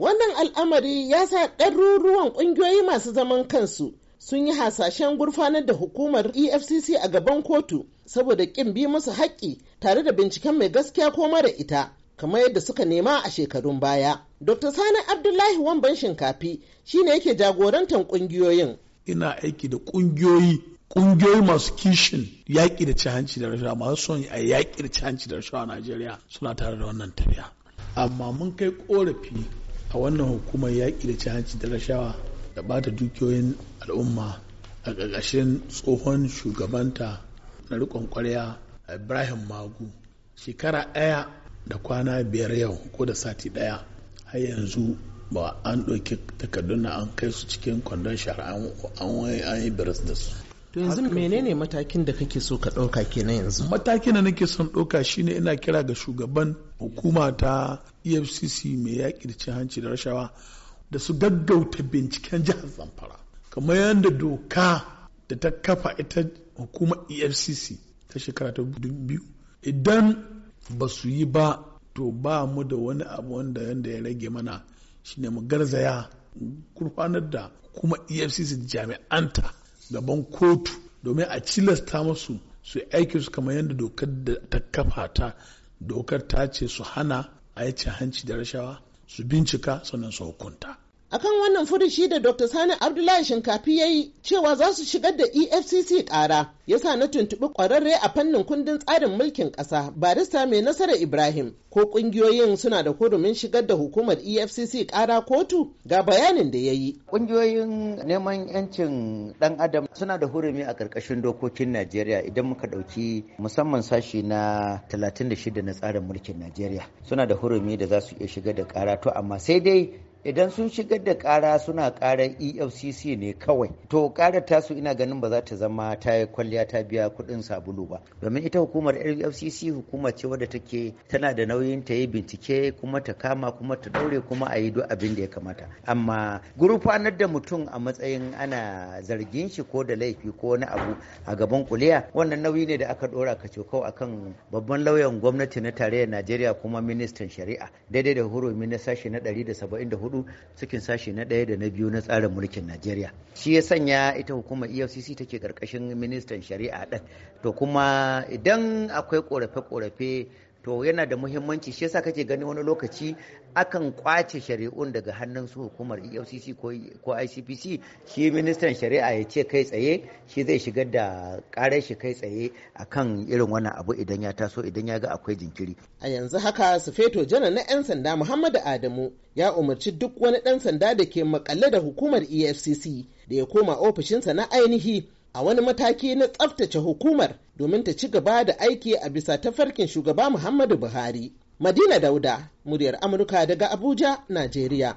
Wannan al'amari ya sa ɗaruruwan ƙungiyoyi masu zaman kansu sun yi hasashen gurfanar da hukumar EFCC a gaban kotu saboda ƙin bi musu haƙƙi tare da binciken mai gaskiya ko mara ita. kamar yadda suka nema a shekarun baya. Dr. Sani Abdullahi Wamban Shinkafi shine yake jagorantar ƙungiyoyin. Ina aiki da ƙungiyoyi ƙungiyoyi masu kishin yaƙi da cihanci da rashawa masu son a yaƙi da cihanci da rashawa a Najeriya suna tare da wannan tafiya. Amma mun kai ƙorafi a wannan hukumar yaƙi da cin hanci da rashawa da bata dukiyoyin al'umma a ƙarƙashin tsohon shugabanta na riƙon ƙwarya ibrahim magu shekara ɗaya da kwana biyar yau ko da sati ɗaya har yanzu ba an ɗauki takardun an kai su cikin kwandon shara an yi biris da su to yanzu menene matakin da kake so ka ɗauka kenan yanzu matakin da nake son ɗauka shine ina kira ga shugaban hukuma ta efcc mai yaƙi da cin hanci da rashawa da su gaggauta binciken jihar zamfara kamar yadda doka da ta kafa ita hukuma efcc ta shekara ta biyu idan ba su yi ba to ba mu da wani abu wanda yanda ya rage mana shine mu garzaya gurfanar da kuma efcc jami'anta gaban kotu domin a cilasta masu su aiki su kamar yadda dokar da ta kafa ta dokar ta ce su hana a yi hanci da rashawa su bincika sannan su hukunta akan wannan furushi da dr sani abdullahi shinkafi ya yi cewa za su shigar da efcc kara sa na tuntuɓi ƙwararre a fannin kundin tsarin mulkin ƙasa barista mai nasara ibrahim ko ƙungiyoyin suna da hurumin shigar da hukumar efcc kara kotu ga bayanin da ya yi ƙungiyoyin neman yancin ɗan adam suna da hurumi a ƙarƙashin dokokin najeriya idan muka ɗauki musamman sashi na 36 na tsarin mulkin najeriya suna da hurumi da za su iya shigar da kara to amma sai dai idan sun shigar da kara suna kara efcc ne kawai to kara tasu ina ganin ba za ta zama ta yi kwalliya ta biya kuɗin sabulu ba domin ita hukumar efcc hukuma ce wadda take tana da nauyin ta yi bincike kuma ta kama kuma ta daure kuma a yi duk abin da ya kamata amma gurfanar da mutum a matsayin ana zargin shi ko da laifi ko wani abu a gaban kuliya wannan nauyi ne da aka dora ka cokau akan babban lauyan gwamnati na tarayyar najeriya kuma ministan shari'a daidai da hurumi na sashi na 174 hudu cikin sashe na ɗaya da na biyu na tsarin mulkin najeriya shi ya sanya ita hukumar efcc take karkashin ministan shari'a ɗin to kuma idan akwai korafe-korafe to yana da muhimmanci shi yasa kake gani wani lokaci akan kwace shari'un daga hannun su hukumar EFCC ko ICPC shi ministan shari'a ya ce kai tsaye shi zai shigar da karar shi kai tsaye akan irin wannan abu idan ya taso idan ya ga akwai jinkiri a yanzu haka sufeto jana na 'yan sanda Muhammadu Adamu ya umarci duk wani dan sanda da ke makalle da hukumar EFCC da ya koma ofishinsa na ainihi a wani mataki na tsaftace hukumar domin ta ci gaba da aiki a bisa tafarkin shugaba Muhammadu Buhari. Madina Dauda, muryar Amurka daga Abuja, Najeriya.